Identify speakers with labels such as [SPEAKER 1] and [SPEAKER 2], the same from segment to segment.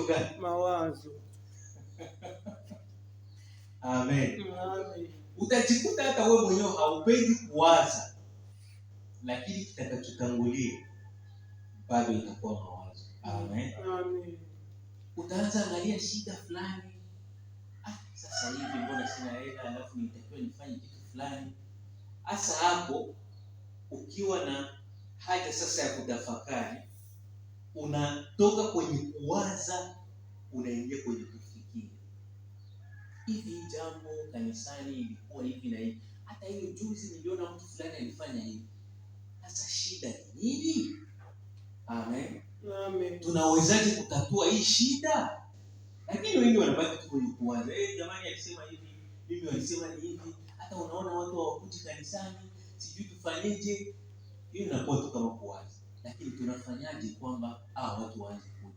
[SPEAKER 1] kitu gani?
[SPEAKER 2] Mawazo.
[SPEAKER 1] Amen. Amen. Utajikuta hata wewe mwenyewe haupendi kuwaza, lakini kitakachotangulia bado itakuwa mawazo. Amen. Amen. Utaanza angalia shida fulani, ah, sasa hivi mbona sina hela, alafu nitakiwa nifanye kitu fulani. Hasa hapo ukiwa na haja sasa ya kutafakari unatoka kwenye kuwaza unaingia kwenye kufikiri Hivi jambo kanisani ilikuwa hivi na hivi, hata hiyo juzi niliona mtu fulani alifanya hivi. Sasa shida ni nini? Amen, amen. Tunawezaje kutatua hii shida? Lakini wengi wanabaki tu kwenye kuwaza, eh, jamani alisema hivi, mimi walisema ni hivi. Hata unaona watu hawakuji kanisani, sijui tufanyeje. Hiyo inakuwa tu kama kuwaza lakini tunafanyaje kwamba hao watu waanze kuja?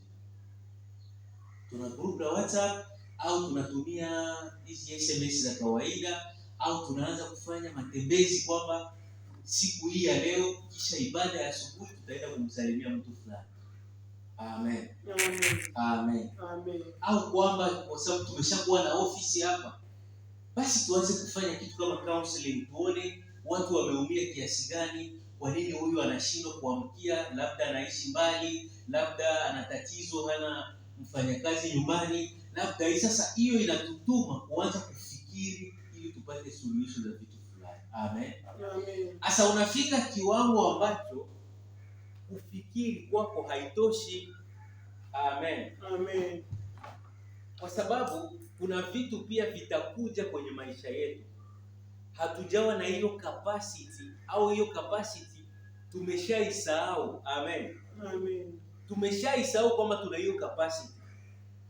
[SPEAKER 1] Tuna group la WhatsApp au tunatumia hizi SMS za kawaida au tunaanza kufanya matembezi kwamba siku hii ya leo kisha ibada ya asubuhi tutaenda kumsalimia mtu fulani. Amen. Amen. Amen. Amen. Au kwamba kwa sababu tumeshakuwa na ofisi hapa, basi tuanze kufanya kitu kama counseling tuone watu wameumia kiasi gani, kwa nini huyu anashindwa kuamkia, labda anaishi mbali, labda ana tatizo, hana mfanyakazi nyumbani, labda hii. Sasa hiyo inatutuma kuanza kufikiri ili tupate suluhisho za vitu fulani. Amen. Sasa unafika kiwango ambacho kufikiri kwako haitoshi. Amen. Amen. Kwa sababu kuna vitu pia vitakuja kwenye maisha yetu hatujawa na hiyo capacity au hiyo capacity tumeshaisahau. Amen, amen. Tumeshaisahau kwamba tuna hiyo capacity,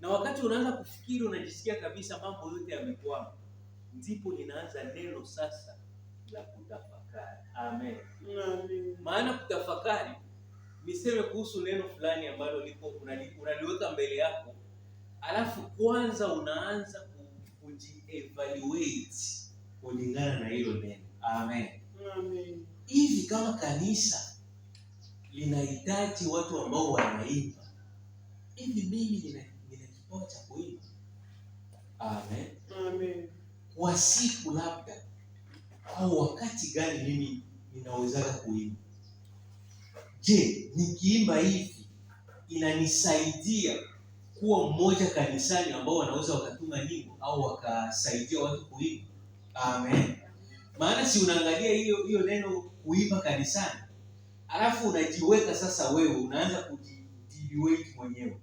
[SPEAKER 1] na wakati unaanza kufikiri unajisikia kabisa mambo yote yamekwama, ndipo linaanza neno sasa la kutafakari. Amen, amen. Maana kutafakari niseme kuhusu neno fulani ambalo liko unaliweka mbele yako, alafu kwanza unaanza kujievaluate kulingana na hilo neno. Amen. Hivi kama kanisa linahitaji watu ambao wanaimba, hivi mimi nina, nina kipawa cha kuimba? Amen. Amen. Kwa siku labda au wakati gani mimi ninawezaga kuimba? Je, nikiimba hivi inanisaidia kuwa mmoja kanisani ambao wanaweza wakatunga nyimbo au wakasaidia watu kuimba? Amen. Maana si unaangalia hiyo hiyo neno kuimba kanisani, alafu unajiweka sasa, wewe unaanza kujiweight mwenyewe,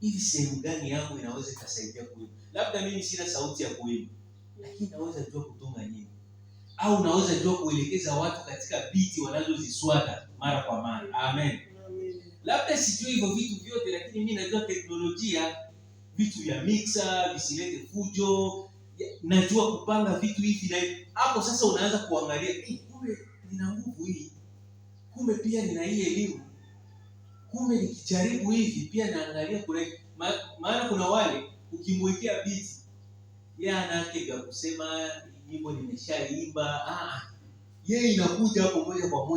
[SPEAKER 1] hivi sehemu gani yangu inaweza ikasaidia kuimba? Labda mimi sina sauti ya kuimba, lakini naweza jua kutunga nyimbo, au naweza jua kuelekeza watu katika biti wanazoziswata mara kwa mara. Amen. Labda sijui hivyo vitu vyote, lakini mimi najua teknolojia, vitu vya mixer visilete fujo najua kupanga vitu hivi na hapo sasa unaanza kuangalia eh, kumbe nina nguvu hii, kumbe pia nina hii elimu, kumbe nikijaribu hivi pia naangalia kule maana kuna wale ukimwekea biti ya anakega kusema nyimbo nimeshaimba, ah yeye ah. inakuja hapo moja kwa moja.